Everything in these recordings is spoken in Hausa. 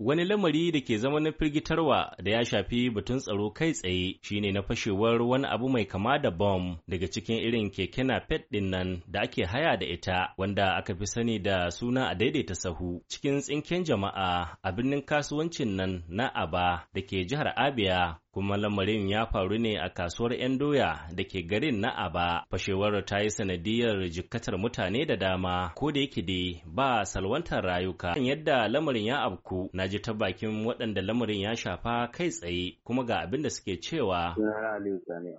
Wani lamari da ke zama na firgitarwa da ya shafi batun tsaro kai tsaye shine na fashewar wani abu mai kama da bom daga cikin irin keke napep ɗin nan da ake haya da ita wanda aka fi sani da suna a daidaita sahu cikin tsinken jama'a a birnin kasuwancin nan na Aba da ke jihar Abia kuma lamarin ya faru ne a kasuwar 'yan doya da ke garin na aba fashewar ta yi sanadiyar jikkatar mutane da dama ko da yake dai ba salwantar rayuka kan yadda lamarin ya abku na ji ta bakin waɗanda lamarin ya shafa kai tsaye kuma ga abin da suke cewa aliyu sani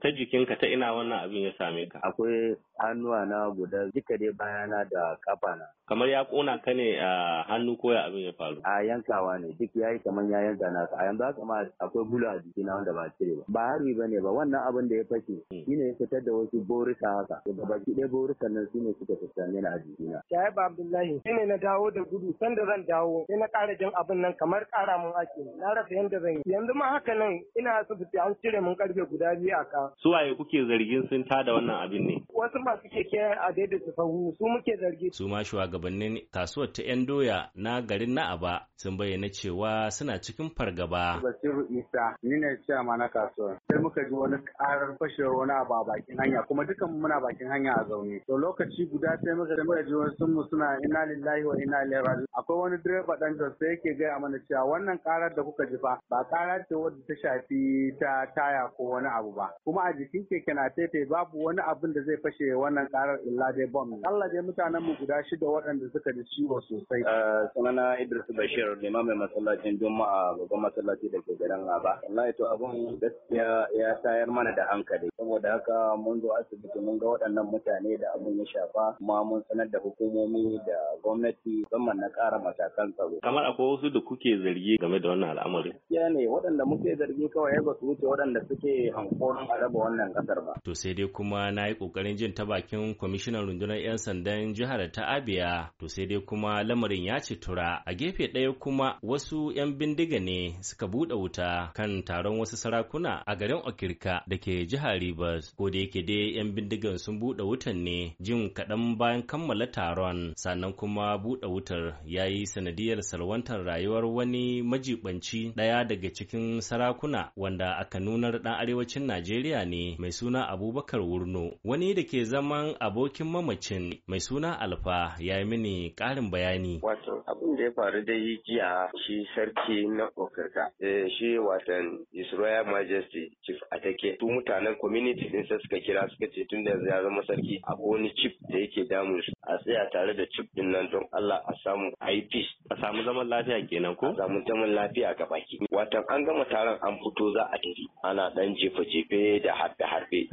ta jikinka ta ina wannan abin ya same ka akwai hannuwa na guda duka dai bayana da kafana kamar ya kona ka ne a hannu ko abin ya faru a yankawa ne duk yayi kamar ya yanka na a yanzu kuma akwai bulu a jiki na wanda ba cire ba ba harbi bane ba wannan abin da ya fashe hmm. shine ya fitar da wasu borisa haka to baki ɗaya borisan nan ne suka fitar mini a jiki na. shaibu abdullahi ne na dawo da gudu sanda zan dawo sai na ƙara jin abin nan kamar ƙara mun ake na rasa yanda zan yi yanzu ma haka nan ina asibiti an cire mun karfe guda biyu a ka waye kuke zargin sun tada wannan abin ne wasu masu keke a su fahu su muke zargi su ma shugabannin kasuwar ta yan doya na garin na'aba sun bayyana cewa suna cikin fargaba Basiru Isa ni ne ciyama na kasuwar. Sai muka ji wani karar fashewar wani abu a bakin hanya kuma dukan muna bakin hanya a zaune. To lokaci guda sai muka ji muka ji sun mu suna inna lillahi wa inna ilaihi raji'un. Akwai wani direba dan Jos sai yake gaya mana cewa wannan karar da kuka ji fa ba kara ce wadda ta shafi ta taya ko wani abu ba. Kuma a jikin keke na tete babu wani abin da zai fashe wannan karar illa dai bom. Allah dai mutanen mu guda shida waɗanda suka ji ciwo sosai. Eh, sunana Idris Bashir limamin masallacin Juma'a babban masallaci da ke garin ba. Wallahi to abun gaskiya ya tayar mana da hankali. Saboda haka mun zo asibiti mun ga waɗannan mutane da abun ya shafa kuma mun sanar da hukumomi da gwamnati musamman na ƙara matakan tsaro. Kamar akwai wasu da kuke zargi game da wannan al'amari. Gaskiya ne waɗanda muke zargi kawai ba su wuce waɗanda suke hankorin a raba wannan ƙasar ba. To sai dai kuma na yi ƙoƙarin jin ta bakin kwamishinan rundunar 'yan sandan jihar ta Abia. To sai dai kuma lamarin ya ci tura a gefe ɗaya kuma wasu 'yan bindiga ne suka buɗe buɗe wuta kan taron wasu sarakuna a garin Okirka da ke jihar Rivers. Ko da yake dai 'yan bindigan sun buɗe wutan ne jin kaɗan bayan kammala taron sannan kuma buɗe wutar ya yi sanadiyar salwantar rayuwar wani majibanci ɗaya daga cikin sarakuna wanda aka nunar ɗan arewacin Najeriya ne mai suna Abubakar Wurno. Wani da ke zaman abokin mamacin mai suna Alfa ya yi mini ƙarin bayani. Wato abin da ya faru dai jiya shi sarki na Okirka. Eh, da shi watan His Royal Majesty Chief Atake su mutanen community din sai suka kira suka ce tun da ya zama sarki a wani chief da yake damun su a tsaya tare da chief din nan don Allah a samu IP a samu zaman lafiya kenan ko a samu zaman lafiya ga baki watan an gama taron an fito za a tafi ana dan jefe-jefe da hadda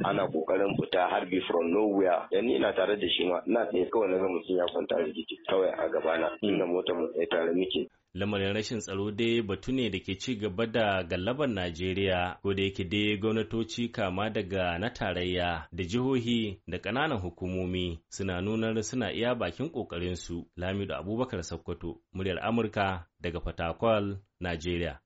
ana kokarin fita harbi from nowhere dan ni na tare da shi ma ina tsaye kawai na ga mutum ya kwanta a jiki kawai a gaba na inda motar mu tsaye tare muke lamarin rashin tsaro dai batu ne da ke ci gaba da gallabar Najeriya ko da yake dai gwamnatoci kama daga na tarayya da jihohi da ƙananan hukumomi suna nunar suna iya bakin ƙoƙarinsu Lamidu Abubakar Sokoto muryar Amurka daga Fatakwal, Najeriya.